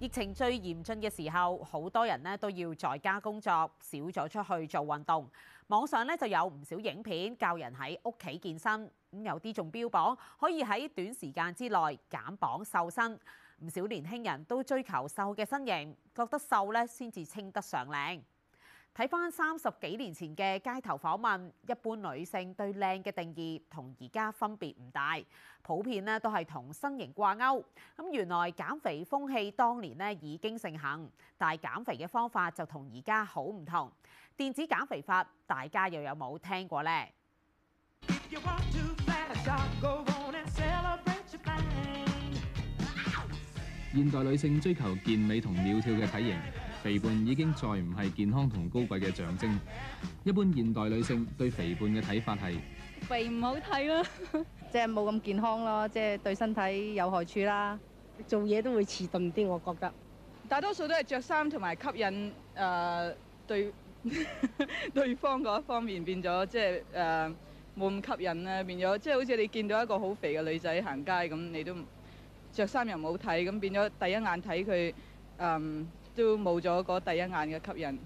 疫情最嚴峻嘅時候，好多人呢都要在家工作，少咗出去做運動。網上呢就有唔少影片教人喺屋企健身，咁有啲仲標榜可以喺短時間之內減磅瘦身。唔少年輕人都追求瘦嘅身形，覺得瘦呢先至稱得上靚。睇翻三十幾年前嘅街頭訪問，一般女性對靚嘅定義同而家分別唔大，普遍呢都係同身形掛鈎。咁原來減肥風氣當年呢已經盛行，但係減肥嘅方法就同而家好唔同。電子減肥法，大家又有冇聽過呢？現代女性追求健美同苗條嘅體型。肥胖已經再唔係健康同高貴嘅象徵。一般現代女性對肥胖嘅睇法係肥唔好睇囉，即係冇咁健康咯，即係對身體有害處啦。做嘢都會遲鈍啲，我覺得大多數都係著衫同埋吸引誒對對方嗰一方面變咗，即係誒冇咁吸引呀，變咗即係好似你見到一個好肥嘅女仔行街咁，你都著衫又唔好睇咁變咗第一眼睇佢嗯。都冇咗嗰第一眼嘅吸引。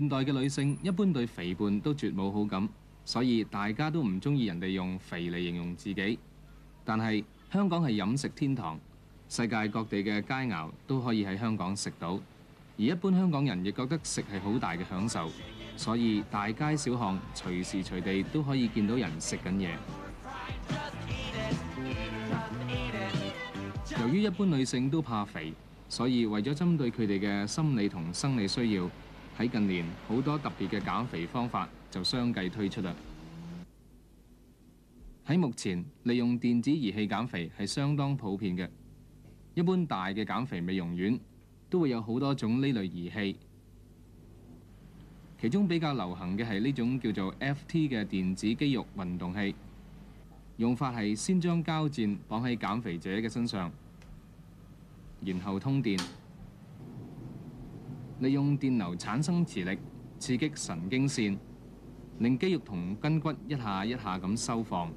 現代嘅女性一般對肥胖都絕冇好感，所以大家都唔鍾意人哋用肥嚟形容自己。但係香港係飲食天堂，世界各地嘅佳餚都可以喺香港食到。而一般香港人亦覺得食係好大嘅享受，所以大街小巷隨時隨地都可以見到人食緊嘢。由於一般女性都怕肥。所以，為咗針對佢哋嘅心理同生理需要，喺近年好多特別嘅減肥方法就相繼推出啦。喺目前，利用電子儀器減肥係相當普遍嘅。一般大嘅減肥美容院都會有好多種呢類儀器，其中比較流行嘅係呢種叫做 FT 嘅電子肌肉運動器。用法係先將膠氈綁喺減肥者嘅身上。然後通電，利用電流產生磁力，刺激神經線，令肌肉同筋骨一下一下咁收放，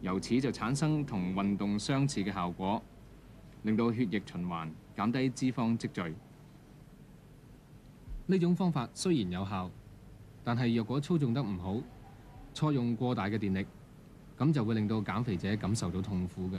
由此就產生同運動相似嘅效果，令到血液循環，減低脂肪積聚。呢種方法雖然有效，但係若果操縱得唔好，錯用過大嘅電力，咁就會令到減肥者感受到痛苦嘅。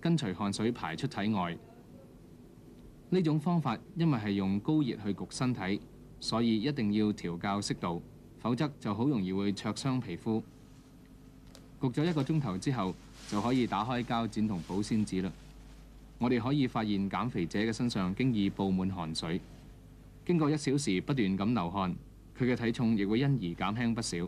跟隨汗水排出體外，呢種方法因為係用高熱去焗身體，所以一定要調校適度，否則就好容易會灼傷皮膚。焗咗一個鐘頭之後，就可以打開膠剪同保鮮紙啦。我哋可以發現減肥者嘅身上經已布滿汗水，經過一小時不斷咁流汗，佢嘅體重亦會因而減輕不少。